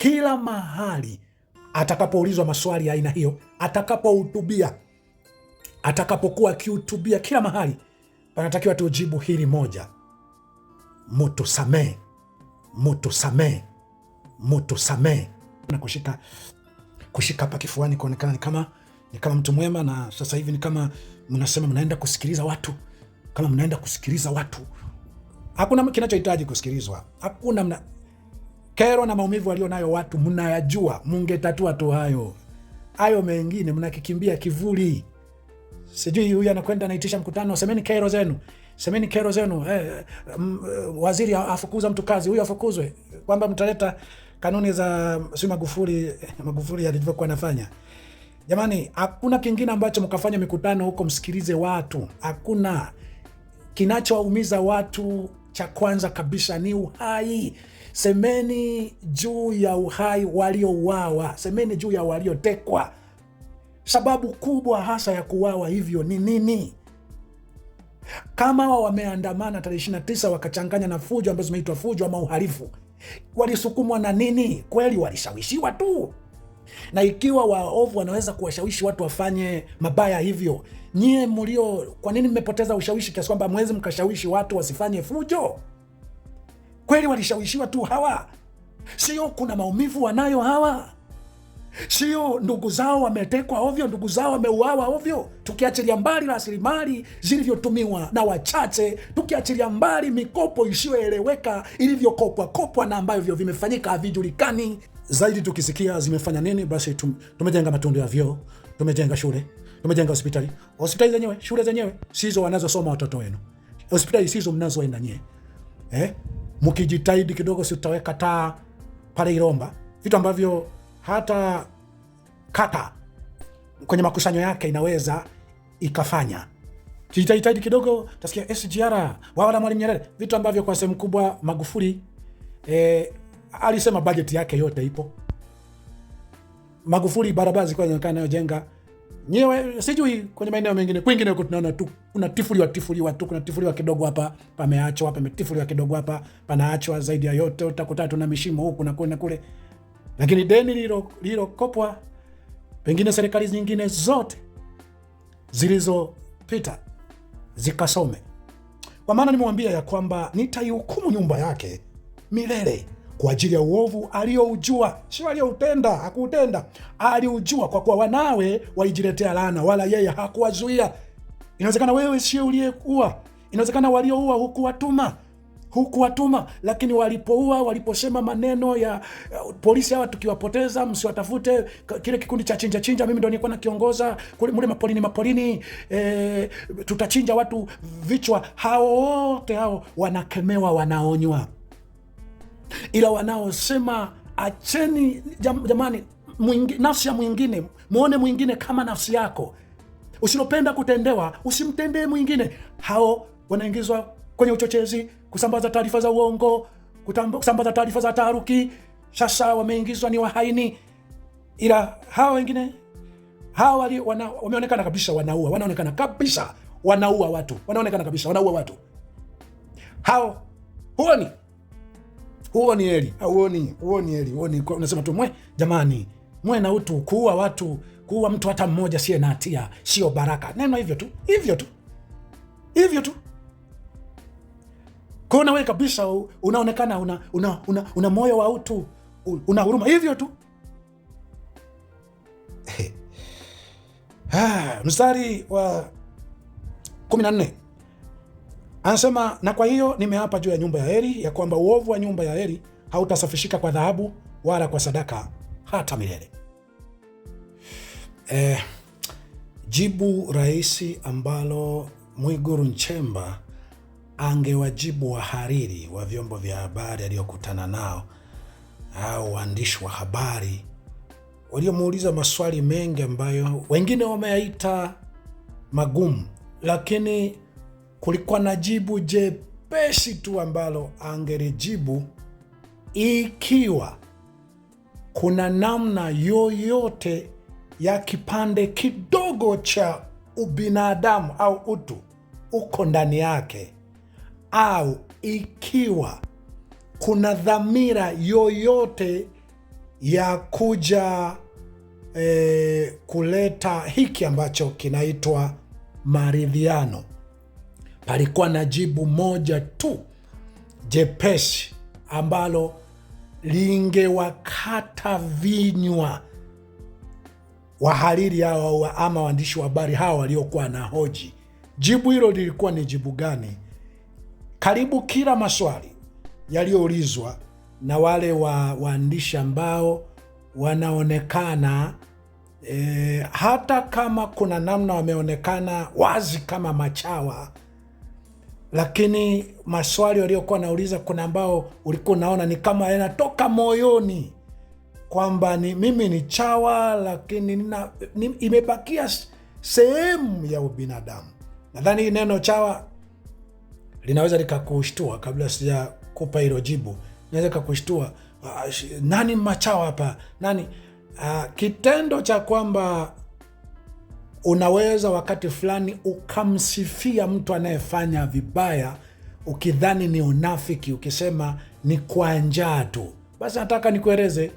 Kila mahali atakapoulizwa maswali ya aina hiyo, atakapohutubia, atakapokuwa akihutubia, kila mahali panatakiwa tujibu hili moja: mutusamehe, mutusamee mutusamehe. Na kushika kushika hapa kifuani kuonekana ni kama ni kama mtu mwema, na sasa hivi ni kama mnasema mnaenda kusikiliza watu, kama mnaenda kusikiliza watu. Hakuna kinachohitaji kusikilizwa, hakuna mna kero na maumivu walio nayo watu mnayajua, mungetatua tu hayo. Hayo mengine mnakikimbia kivuli. Sijui huyu anakwenda anaitisha mkutano, semeni kero zenu, semeni kero zenu. Eh, eh m, mm, eh, waziri afukuza mtu kazi, huyu afukuzwe, kwamba mtaleta kanuni za mm, si Magufuli. Magufuli alivyokuwa anafanya Jamani, hakuna kingine ambacho mkafanya mikutano huko, msikilize watu. Hakuna kinachowaumiza watu, cha kwanza kabisa ni uhai semeni juu ya uhai waliouawa, semeni juu ya waliotekwa. Sababu kubwa hasa ya kuwawa hivyo ni nini? Kama wao wameandamana tarehe 29 wakachanganya na fujo ambazo zimeitwa fujo ama uhalifu, walisukumwa na nini? Kweli walishawishiwa tu na ikiwa waovu wanaweza kuwashawishi watu wafanye mabaya hivyo, nyie mlio, kwa nini mmepoteza ushawishi kiasi kwamba mwezi mkashawishi watu wasifanye fujo? Kweli walishawishiwa tu hawa? Sio kuna maumivu wanayo hawa? Sio ndugu zao wametekwa ovyo, ndugu zao wameuawa ovyo, tukiachilia mbali rasilimali zilivyotumiwa na wachache, tukiachilia mbali mikopo isiyoeleweka ilivyokopwa kopwa na ambavyo vimefanyika havijulikani zaidi. Tukisikia zimefanya nini, basi tumejenga matundu ya vyoo, tumejenga shule, tumejenga hospitali. Hospitali zenyewe, shule zenyewe sizo wanazosoma watoto wenu, hospitali sizo mnazoenda nyie, eh? mkijitahidi kidogo, si utaweka taa pale Iromba, vitu ambavyo hata kata kwenye makusanyo yake inaweza ikafanya. Kijitahidi kidogo, tasikia SGR wawala na Mwalimu Nyerere, vitu ambavyo kwa sehemu kubwa Magufuli eh, alisema bajeti yake yote ipo. Magufuli barabara zilikuwa zinaonekana nayojenga nyewe sijui kwenye maeneo mengine kwingine huko tunaona tu kuna tifuliwa tifuliwa tu kuna tifuliwa kidogo hapa pameachwa pametifuliwa kidogo hapa panaachwa zaidi ya yote utakuta tuna mishimo huku na kule na kule lakini deni lililokopwa pengine serikali nyingine zote zilizopita zikasome kwa maana nimewambia ya kwamba nitaihukumu nyumba yake milele kwa ajili ya uovu aliyoujua, sio aliyoutenda. Hakuutenda, aliujua, kwa kuwa wanawe walijiletea laana, wala yeye hakuwazuia. Inawezekana wewe sio uliyekuwa, inawezekana walioua hukuwatuma hukuwatuma lakini walipoua, waliposema maneno ya uh, polisi hawa tukiwapoteza msiwatafute. Kile kikundi cha chinja chinja, mimi ndo nilikuwa nakiongoza kule mule mapolini mapolini, e, tutachinja watu vichwa. Hao wote hao wanakemewa, wanaonywa ila wanaosema acheni, jam, jamani mwingi, nafsi ya mwingine mwone mwingine kama nafsi yako, usilopenda kutendewa usimtendee mwingine. Hao wanaingizwa kwenye uchochezi, kusambaza taarifa za uongo, kusambaza taarifa za taharuki. Sasa wameingizwa ni wahaini, ila hawa wengine hawa wali, wana, wameonekana kabisa wanaua, wanaonekana kabisa wanaua watu, wanaonekana kabisa wanaua watu hao, huoni? huo ni heri, huoni? Huo ni heri, ni Unasema tu mwe, jamani, mwe na utu. Kuua watu, kuua mtu hata mmoja sie na hatia sio baraka. Neno hivyo tu, hivyo tu, hivyo tu. Kuna wewe kabisa unaonekana una, una, una, una moyo wa utu, una huruma, hivyo tu. Ah, mstari wa kumi Anasema, na kwa hiyo nimeapa juu ya nyumba ya Eli ya kwamba uovu wa nyumba ya Eli hautasafishika kwa dhahabu wala kwa sadaka hata milele. Eh, jibu rahisi ambalo Mwigulu Nchemba angewajibu wahariri wa vyombo vya habari aliyokutana nao au waandishi wa habari waliomuuliza maswali mengi ambayo wengine wameyaita magumu, lakini kulikuwa na jibu jepeshi tu ambalo angelijibu ikiwa kuna namna yoyote ya kipande kidogo cha ubinadamu au utu uko ndani yake, au ikiwa kuna dhamira yoyote ya kuja e, kuleta hiki ambacho kinaitwa maridhiano palikuwa na jibu moja tu jepesi ambalo lingewakata vinywa wahariri hao ama waandishi wa habari hawa waliokuwa na hoji. Jibu hilo lilikuwa ni jibu gani? Karibu kila maswali yaliyoulizwa na wale wa waandishi ambao wanaonekana e, hata kama kuna namna wameonekana wazi kama machawa lakini maswali waliokuwa nauliza, kuna ambao ulikuwa unaona ni kama yanatoka moyoni kwamba ni mimi ni chawa, lakini nina, ni, imebakia sehemu ya ubinadamu. Nadhani hii neno chawa linaweza likakushtua. Kabla sijakupa hilo jibu, naweza kakushtua ah, Nani machawa hapa? Nani? Ah, kitendo cha kwamba Unaweza wakati fulani ukamsifia mtu anayefanya vibaya, ukidhani ni unafiki, ukisema ni kwa njaa tu. Basi nataka nikueleze,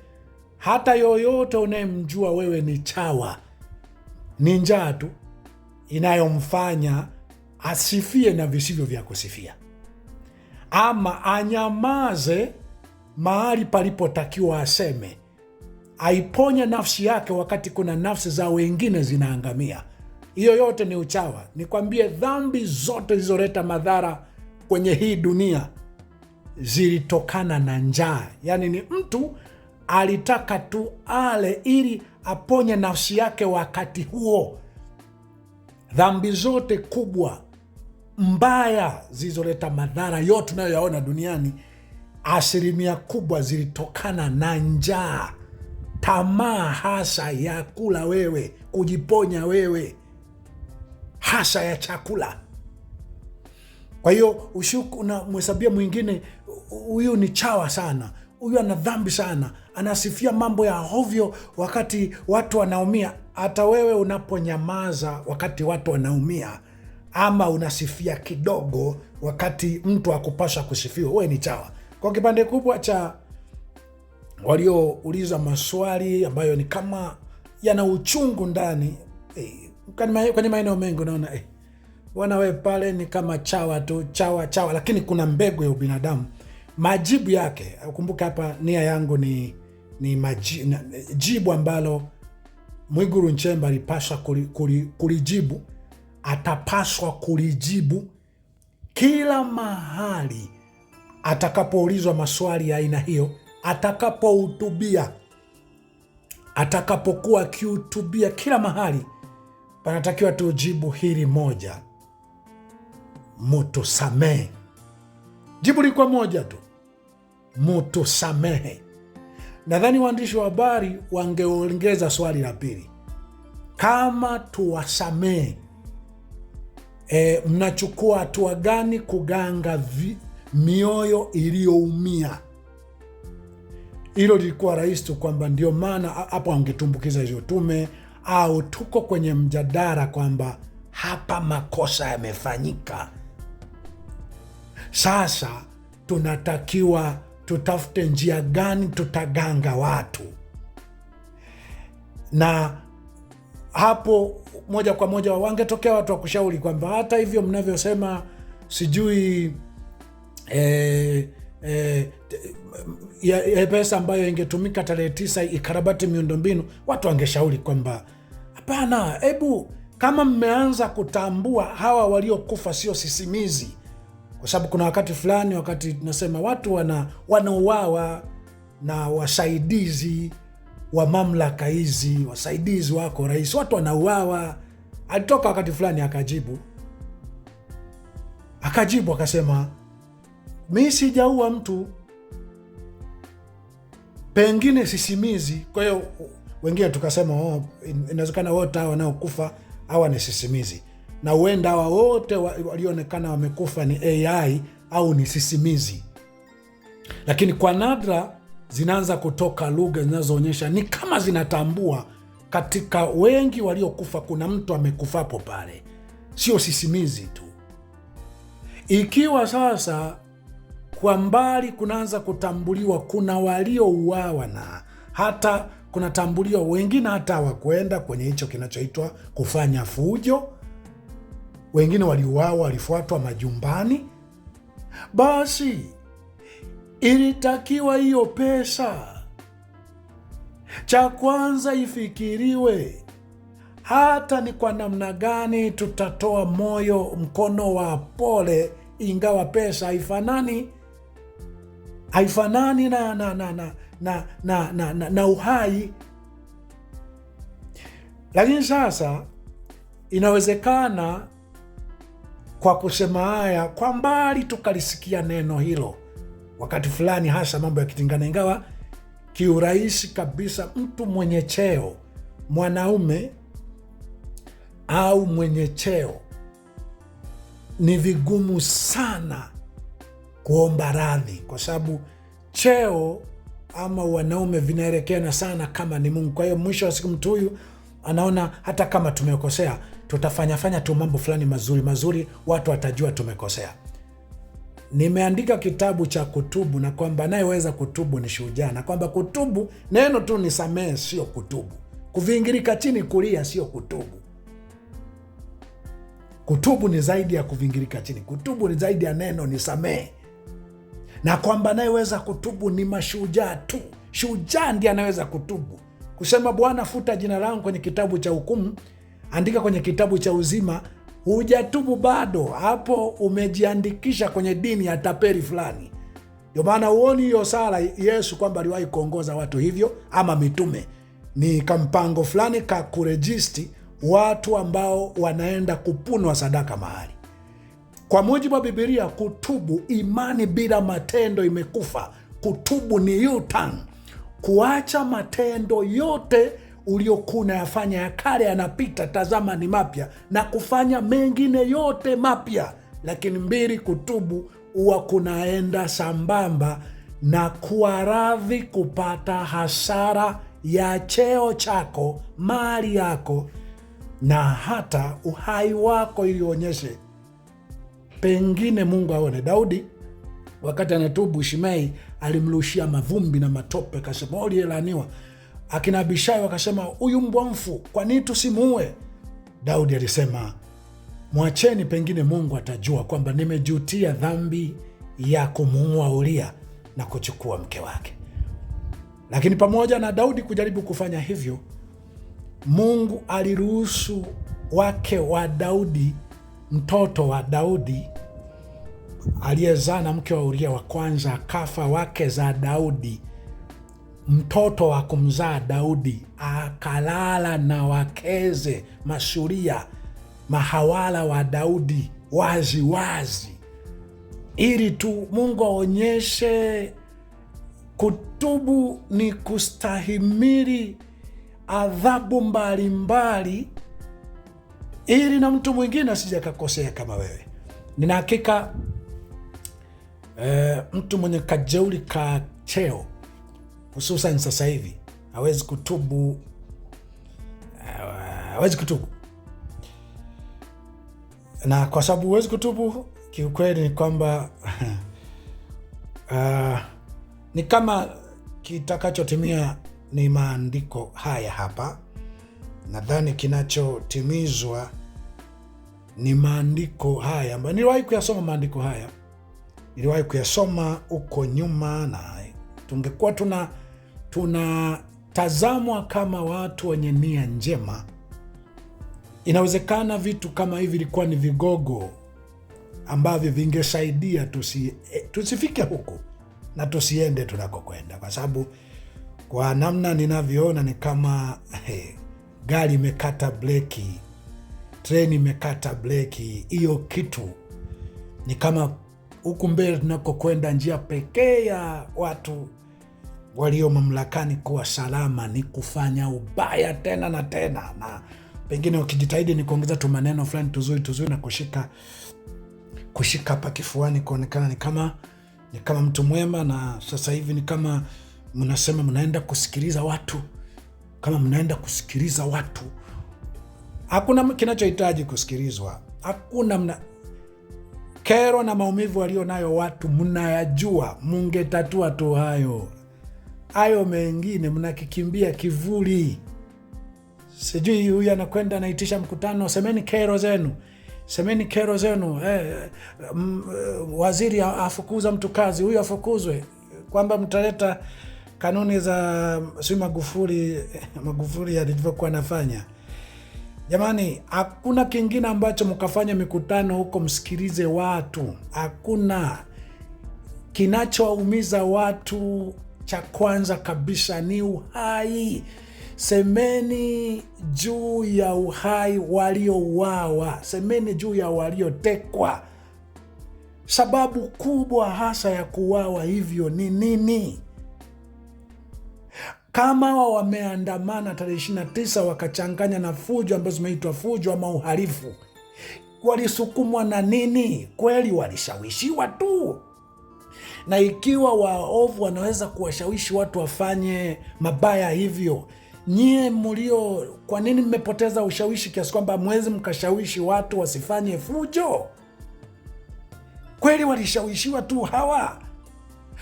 hata yoyote unayemjua wewe ni chawa, ni njaa tu inayomfanya asifie na visivyo vya kusifia, ama anyamaze mahali palipotakiwa aseme aiponya nafsi yake wakati kuna nafsi za wengine zinaangamia. Hiyo yote ni uchawa. Nikwambie, dhambi zote zilizoleta madhara kwenye hii dunia zilitokana na njaa. Yaani ni mtu alitaka tu ale ili aponye nafsi yake wakati huo. Dhambi zote kubwa mbaya zilizoleta madhara yote tunayoyaona duniani, asilimia kubwa zilitokana na njaa tamaa hasa ya kula wewe, kujiponya wewe, hasa ya chakula. Kwa hiyo na mhesabia mwingine, huyu ni chawa sana, huyu ana dhambi sana, anasifia mambo ya hovyo wakati watu wanaumia. Hata wewe unaponyamaza wakati watu wanaumia, ama unasifia kidogo wakati mtu akupasha kusifiwa, wewe ni chawa. Kwa kipande kubwa cha waliouliza maswali ambayo ni kama yana uchungu ndani eh, kwenye maeneo mengi unaona eh, wanawe we pale ni kama chawa tu chawa chawa, lakini kuna mbegu ya ubinadamu. Majibu yake, ukumbuke hapa nia yangu ni, ni maji, na, jibu ambalo Mwigulu Nchemba alipaswa kulijibu, atapaswa kulijibu kila mahali atakapoulizwa maswali ya aina hiyo atakapohutubia, atakapokuwa akihutubia kila mahali, panatakiwa tujibu hili moja, mutusamehe. Jibu likwa moja tu, mutusamehe. Nadhani waandishi wa habari wangeongeza swali la pili, kama tuwasamehe, e, mnachukua hatua gani kuganga vi, mioyo iliyoumia? hilo lilikuwa rahisi tu, kwamba ndio maana hapo angetumbukiza hizo tume, au tuko kwenye mjadala kwamba hapa makosa yamefanyika. Sasa tunatakiwa tutafute njia gani tutaganga watu, na hapo moja kwa moja wangetokea watu wa kushauri kwamba hata hivyo mnavyosema sijui eh, eh, eh pesa ambayo ingetumika tarehe tisa ikarabati miundombinu, watu wangeshauri kwamba hapana, hebu kama mmeanza kutambua hawa waliokufa sio sisimizi, kwa sababu kuna wakati fulani, wakati tunasema watu wana wanauawa na wasaidizi wa mamlaka hizi, wasaidizi wako rais, watu wanauawa. Alitoka wakati fulani akajibu, akajibu akasema mi sijaua mtu, pengine sisimizi. Kwa hiyo wengine tukasema oh, inawezekana wote hawa wanaokufa hawa ni sisimizi, na huenda hawa wote walioonekana wamekufa ni AI au ni sisimizi, lakini kwa nadra zinaanza kutoka lugha zinazoonyesha ni kama zinatambua katika wengi waliokufa kuna mtu amekufapo pale, sio sisimizi tu. Ikiwa sasa kwa mbali kunaanza kutambuliwa, kuna waliouawa na hata kunatambuliwa wengine hata hawakwenda kwenye hicho kinachoitwa kufanya fujo, wengine waliuawa, walifuatwa majumbani. Basi ilitakiwa hiyo pesa, cha kwanza ifikiriwe hata ni kwa namna gani tutatoa moyo, mkono wa pole, ingawa pesa haifanani haifanani na na na na na, na, na, na, na uhai. Lakini sasa inawezekana kwa kusema haya, kwa mbali tukalisikia neno hilo wakati fulani, hasa mambo ya kitingana, ingawa kiurahisi kabisa mtu mwenye cheo mwanaume au mwenye cheo ni vigumu sana kuomba radhi, kwa sababu cheo ama wanaume vinaelekeana sana kama ni Mungu. Kwa hiyo mwisho wa siku mtu huyu anaona hata kama tumekosea, tutafanyafanya tu mambo fulani mazuri mazuri, watu watajua tumekosea. Nimeandika kitabu cha kutubu, na kwamba anayeweza kutubu ni shujaa, na kwamba kutubu neno tu ni samee sio kutubu, kuvingirika chini kulia sio kutubu. Kutubu ni zaidi ya kuvingirika chini. Kutubu ni zaidi ya neno ni samee na kwamba anayeweza kutubu ni mashujaa tu. Shujaa ndiye anaweza kutubu, kusema Bwana, futa jina langu kwenye kitabu cha hukumu, andika kwenye kitabu cha uzima. Hujatubu bado, hapo umejiandikisha kwenye dini ya taperi fulani. Ndio maana huoni hiyo sala Yesu kwamba aliwahi kuongoza watu hivyo, ama mitume ni kampango fulani kurejisti watu ambao wanaenda kupunwa sadaka mahali kwa mujibu wa Bibilia, kutubu, imani bila matendo imekufa. Kutubu ni yutan, kuacha matendo yote uliokuwa unayafanya ya kale yanapita, tazama ni mapya, na kufanya mengine yote mapya. Lakini mbili, kutubu huwa kunaenda sambamba na kuwa radhi kupata hasara ya cheo chako, mali yako na hata uhai wako, ili uonyeshe pengine Mungu aone. Daudi wakati anatubu, Shimei alimrushia mavumbi na matope, kasema uliyelaaniwa. Akina Abishai wakasema huyu mbwa mfu, kwa nini tusimuue? Daudi alisema mwacheni, pengine Mungu atajua kwamba nimejutia dhambi ya kumuua Uria na kuchukua mke wake. Lakini pamoja na Daudi kujaribu kufanya hivyo, Mungu aliruhusu wake wa Daudi, mtoto wa Daudi aliyezaa na mke wa Uria wa kwanza akafa, wake za Daudi mtoto wa kumzaa Daudi akalala na wakeze masuria mahawala wa Daudi wazi wazi, ili tu Mungu aonyeshe kutubu ni kustahimili adhabu mbalimbali, ili na mtu mwingine asije akakosea kama wewe. Nina hakika e, mtu mwenye kajeuri ka cheo hususan sasa hivi hawezi kutubu, eh, hawezi kutubu. Na kwa sababu huwezi kutubu, kiukweli ni kwamba uh, ni kama kitakachotimia ni maandiko haya hapa. Nadhani kinachotimizwa ni maandiko haya ambayo niliwahi kuyasoma maandiko haya niliwahi kuyasoma huko nyuma, na tungekuwa tuna tunatazamwa kama watu wenye nia njema, inawezekana vitu kama hivi vilikuwa ni vigogo ambavyo vingesaidia tusi, eh, tusifike huku na tusiende tunakokwenda, kwa sababu kwa namna ninavyoona ni kama hey, gari imekata breki, treni imekata breki. Hiyo kitu ni kama huku mbele tunakokwenda, njia pekee ya watu walio mamlakani kuwa salama ni kufanya ubaya tena na tena, na pengine wakijitahidi ni kuongeza tu maneno fulani tuzuri tuzuri na kushika kushika hapa kifuani, kuonekana ni kama ni kama mtu mwema. Na sasa hivi ni kama mnasema mnaenda kusikiliza watu, kama mnaenda kusikiliza watu, hakuna kinachohitaji kusikilizwa, hakuna mna kero na maumivu walio nayo watu mnayajua, mungetatua tu hayo. Hayo mengine mnakikimbia kivuli. Sijui huyu anakwenda anaitisha mkutano, semeni kero zenu, semeni kero zenu. Eh, eh m, eh, waziri afukuza mtu kazi, huyu afukuzwe, kwamba mtaleta kanuni za si Magufuli, Magufuli alivyokuwa anafanya Jamani, hakuna kingine ambacho mkafanya mikutano huko msikilize watu, hakuna kinachowaumiza watu. Cha kwanza kabisa ni uhai. Semeni juu ya uhai waliouawa, semeni juu ya waliotekwa. Sababu kubwa hasa ya kuuawa hivyo ni nini? kama wao wameandamana tarehe 29 wakachanganya na fujo ambazo zimeitwa fujo ama uhalifu, walisukumwa na nini? Kweli walishawishiwa tu, na ikiwa waovu wanaweza kuwashawishi watu wafanye mabaya hivyo Nyie mlio, kwa nini mmepoteza ushawishi kiasi kwamba mwezi mkashawishi watu wasifanye fujo? Kweli walishawishiwa tu hawa,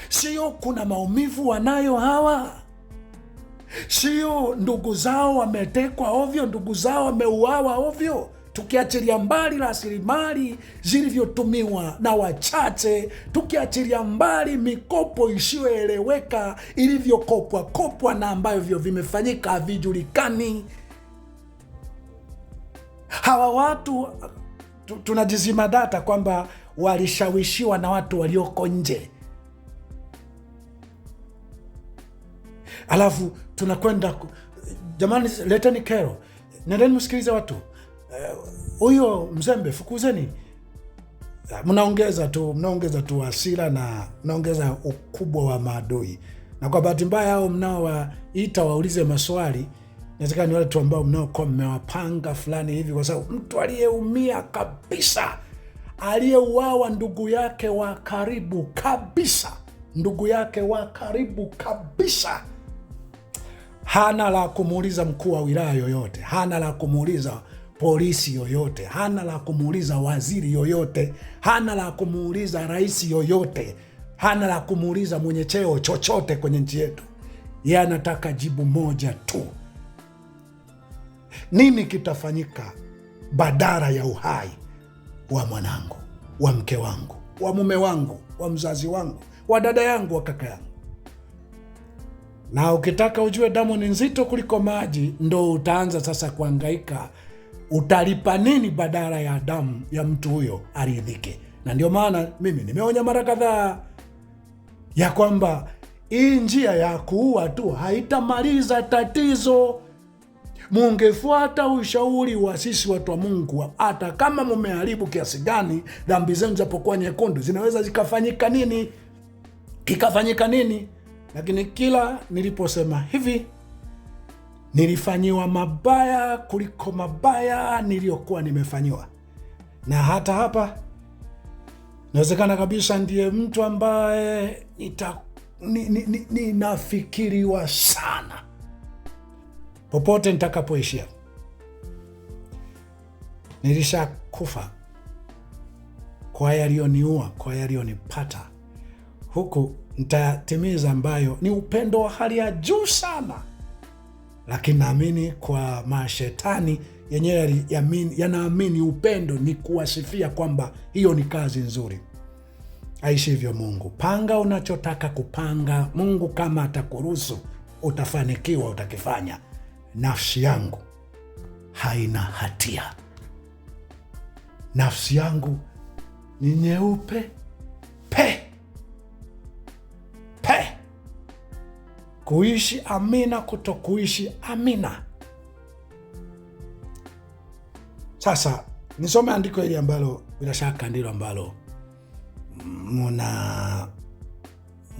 sio? Kuna maumivu wanayo hawa sio ndugu zao wametekwa ovyo, ndugu zao wameuawa ovyo, tukiachilia mbali rasilimali zilivyotumiwa na wachache, tukiachilia mbali mikopo isiyoeleweka ilivyokopwa kopwa na ambavyo vimefanyika havijulikani. Hawa watu tunajizima data kwamba walishawishiwa na watu walioko nje, alafu tunakwenda jamani, leteni kero, nendeni msikilize watu, eh, huyo uh, mzembe fukuzeni. Eh, mnaongeza tu mnaongeza tu hasira na mnaongeza ukubwa wa maadui, na kwa bahati mbaya hao mnaowaita waulize maswali nawezekana ni wale tu ambao mnaokuwa mmewapanga fulani hivi, kwa sababu mtu aliyeumia kabisa, aliyeuawa ndugu yake wa karibu kabisa, ndugu yake wa karibu kabisa hana la kumuuliza mkuu wa wilaya yoyote, hana la kumuuliza polisi yoyote, hana la kumuuliza waziri yoyote, hana la kumuuliza rais yoyote, hana la kumuuliza mwenye cheo chochote kwenye nchi yetu. Yeye anataka jibu moja tu: nini kitafanyika badala ya uhai wa mwanangu, wa mke wangu, wa mume wangu, wa mzazi wangu, wa dada yangu, wa kaka yangu? na ukitaka ujue damu ni nzito kuliko maji, ndo utaanza sasa kuangaika, utalipa nini badala ya damu ya mtu huyo aridhike. Na ndio maana mimi nimeonya mara kadhaa ya kwamba hii njia ya kuua tu haitamaliza tatizo. Mungefuata ushauri wa sisi watu wa Mungu, hata kama mumeharibu kiasi gani, dhambi zenu zapokuwa nyekundu zinaweza zikafanyika nini, kikafanyika nini lakini kila niliposema hivi nilifanyiwa mabaya kuliko mabaya niliyokuwa nimefanyiwa. Na hata hapa inawezekana kabisa ndiye mtu ambaye ninafikiriwa ni, ni, ni sana popote nitakapoishia. Nilishakufa kwa yaliyoniua, kwa yaliyonipata, huku nitatimiza, ambayo ni upendo wa hali ya juu sana. Lakini naamini kwa mashetani yenyewe yanaamini upendo ni kuwasifia kwamba hiyo ni kazi nzuri. Aishi hivyo Mungu, panga unachotaka kupanga. Mungu kama atakuruhusu utafanikiwa, utakifanya. Nafsi yangu haina hatia, nafsi yangu ni nyeupe pe kuishi amina, kutokuishi amina. Sasa nisome andiko hili ambalo bila shaka ndilo ambalo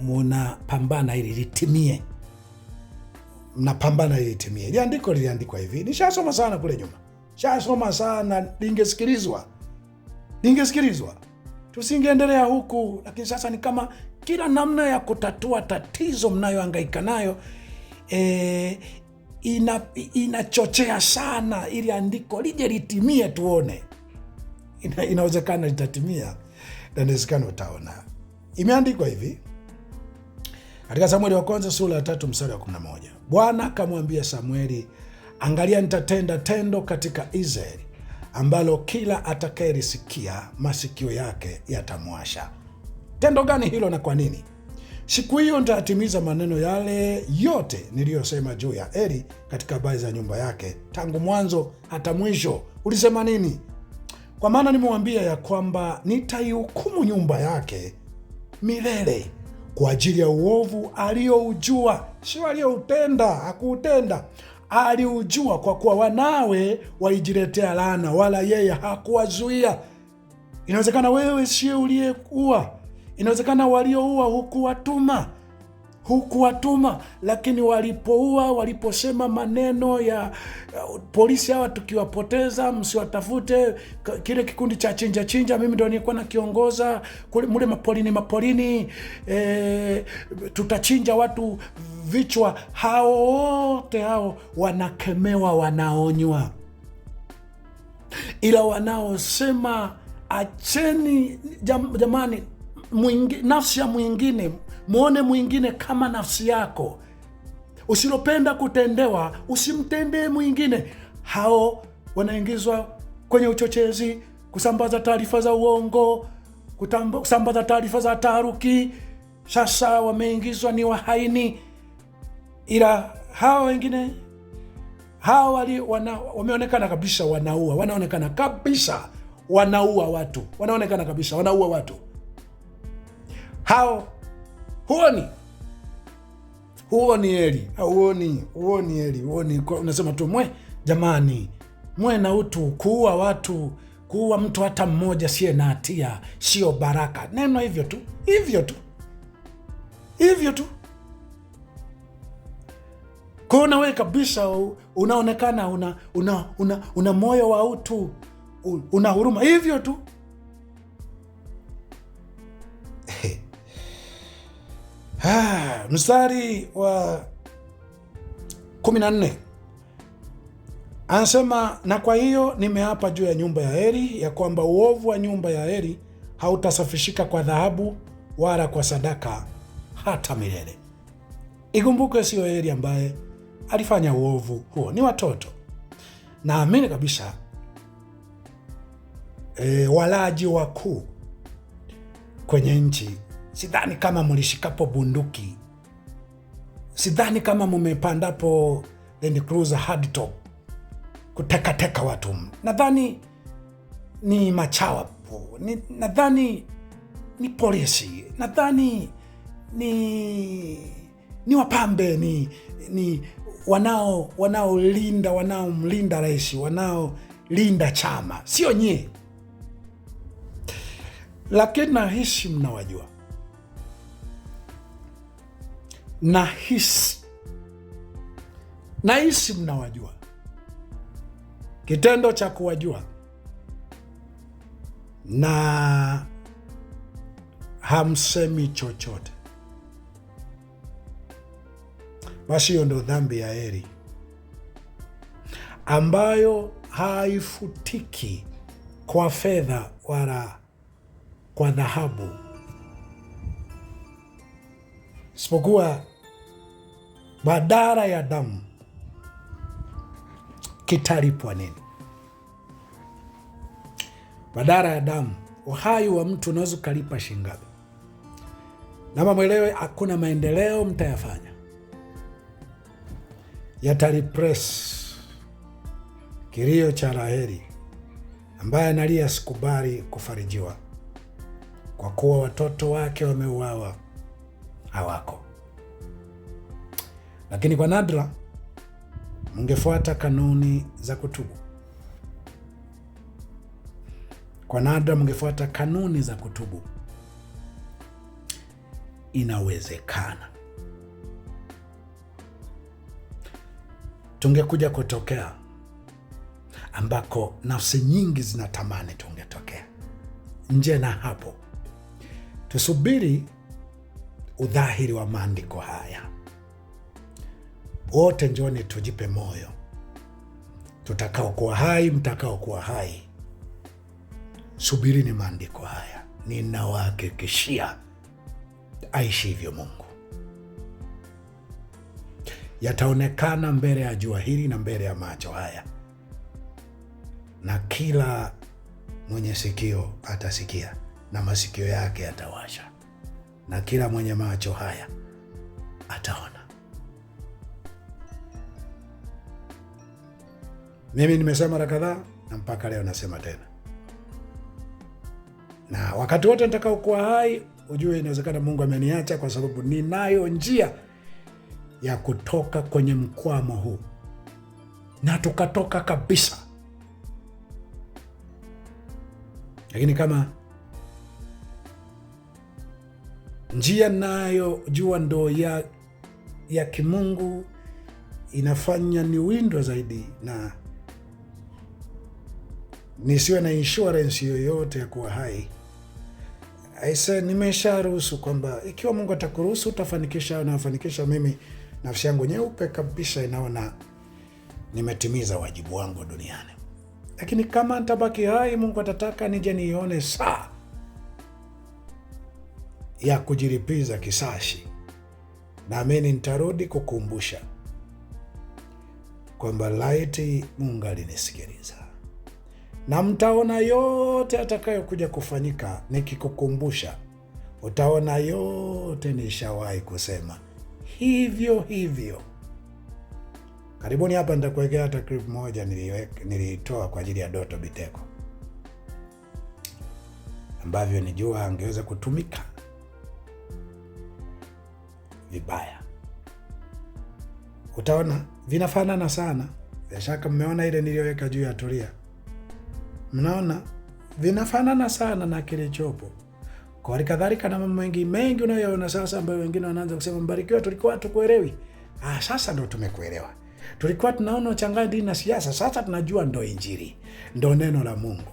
muna pambana ili litimie, mnapambana ili litimie. Ili andiko liliandikwa hivi, nishasoma sana kule nyuma, shasoma sana, lingesikilizwa lingesikilizwa tusingeendelea huku, lakini sasa ni kama kila namna ya kutatua tatizo mnayohangaika nayo e, ina, inachochea sana ili andiko lije litimie, tuone. Ina, inawezekana litatimia na inawezekana utaona. Imeandikwa hivi katika Samueli wa kwanza sura ya tatu mstari wa 11, Bwana akamwambia Samueli, angalia, nitatenda tendo katika Israeli ambalo kila atakayelisikia masikio yake yatamwasha. Tendo gani hilo na kwa nini? Siku hiyo nitayatimiza maneno yale yote niliyosema juu ya Eli katika habari za nyumba yake, tangu mwanzo hata mwisho. Ulisema nini? Kwa maana nimewambia ya kwamba nitaihukumu nyumba yake milele kwa ajili ya uovu aliyoujua sio aliyoutenda hakuutenda, aliujua kwa kuwa wanawe waijiletea laana, wala yeye hakuwazuia. Inawezekana wewe sio uliyekuwa, inawezekana walioua hukuwatuma hukuwatuma, lakini walipoua, waliposema maneno ya uh, polisi hawa, tukiwapoteza msiwatafute, kile kikundi cha chinja chinja, mimi ndo nilikuwa nakiongoza mule mapolini mapolini, e, tutachinja watu vichwa. Hao wote hao wanakemewa, wanaonywa, ila wanaosema acheni jam, jamani mwingi, nafsi ya mwingine mwone mwingine kama nafsi yako. Usilopenda kutendewa usimtendee mwingine. Hao wanaingizwa kwenye uchochezi, kusambaza taarifa za uongo, kutamba, kusambaza taarifa za taharuki. Sasa wameingizwa ni wahaini, ila hawa wengine hawa wali wana, wameonekana kabisa wanaua, wanaonekana kabisa wanaua watu, wanaonekana kabisa wanaua watu hao huoni, huoni Eli, hauoni, ah, huoni Eli, huoni. Unasema tu mwe, jamani, mwe na utu. Kuua watu, kuua mtu hata mmoja siye na hatia sio baraka. Neno hivyo tu, hivyo tu, hivyo tu. Kuna wewe kabisa unaonekana una, una, una, una moyo wa utu, una huruma, hivyo tu. Ah, mstari wa kumi na nne anasema, na kwa hiyo nimeapa juu ya nyumba ya Eli ya kwamba uovu wa nyumba ya Eli hautasafishika kwa dhahabu wala kwa sadaka hata milele. Ikumbukwe siyo Eli ambaye alifanya uovu huo, ni watoto. Naamini kabisa e, walaji wakuu kwenye nchi sidhani kama mlishikapo bunduki, sidhani kama mumepandapo Land Cruiser hardtop kutekateka watu. Nadhani ni machawa, nadhani ni polisi, nadhani ni ni wapambe, ni ni wanao wanaolinda wanaomlinda rais, wanaolinda chama, sio nyie, lakini nahisi mnawajua. nahisi nahisi mnawajua. Kitendo cha kuwajua na hamsemi chochote, basi hiyo ndo dhambi ya heri ambayo haifutiki kwa fedha wala kwa dhahabu, isipokuwa badala ya damu kitalipwa nini? Badala ya damu, uhai wa mtu unaweza ukalipa shingapi? Nama mwelewe, hakuna maendeleo mtayafanya, yatalipress kilio cha Raheli ambaye analia sikubali kufarijiwa kwa kuwa watoto wake wameuawa hawako. Lakini kwa nadra mngefuata kanuni za kutubu. Kwa nadra mngefuata kanuni za kutubu. Inawezekana tungekuja kutokea ambako nafsi nyingi zinatamani tungetokea. Nje na hapo, tusubiri udhahiri wa maandiko haya wote njoni tujipe moyo, tutakaokuwa hai, mtakaokuwa hai, subirini maandiko haya, ninawahakikishia aishi hivyo Mungu, yataonekana mbele ya jua hili na mbele ya macho haya, na kila mwenye sikio atasikia na masikio yake yatawasha, na kila mwenye macho haya ataona. Mimi nimesema mara kadhaa na mpaka leo nasema tena, na wakati wote nitakao kuwa hai, ujue inawezekana Mungu ameniacha kwa sababu ninayo njia ya kutoka kwenye mkwamo huu, na tukatoka kabisa. Lakini kama njia nayojua ndo ya, ya kimungu inafanya niwindwe zaidi na nisiwe na insurance yoyote ya kuwa hai. Aise, nimesharuhusu kwamba ikiwa Mungu atakuruhusu utafanikisha au nafanikisha. Mimi nafsi yangu nyeupe kabisa inaona nimetimiza wajibu wangu duniani, lakini kama nitabaki hai, Mungu atataka nije nione saa ya kujiripiza kisashi. Naamini nitarudi kukumbusha kwamba laiti Mungu alinisikiliza na mtaona yote atakayokuja kufanyika. Nikikukumbusha utaona yote nishawahi kusema hivyo hivyo. Karibuni hapa, nitakuwekea hata clip moja niliitoa kwa ajili ya Doto Biteko ambavyo nijua angeweza kutumika vibaya. Utaona vinafanana sana, bila shaka mmeona ile niliyoweka juu ya Tulia. Mnaona vinafanana sana na kilichopo. Kwa kadhalika na mambo mengi mengi unayoona sasa, ambayo wengine wanaanza kusema Mbarikiwa, tulikuwa tukuelewi. Ah, sasa ndo tumekuelewa. Tulikuwa tunaona uchanganya dini na siasa, sasa tunajua ndo Injili, ndo neno la Mungu.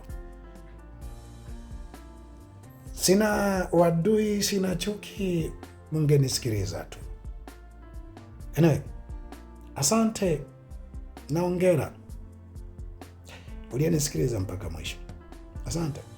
Sina wadui, sina chuki, mngenisikiliza tu. Anyway, asante naongera. Uliyenisikiliza mpaka mwisho, asante.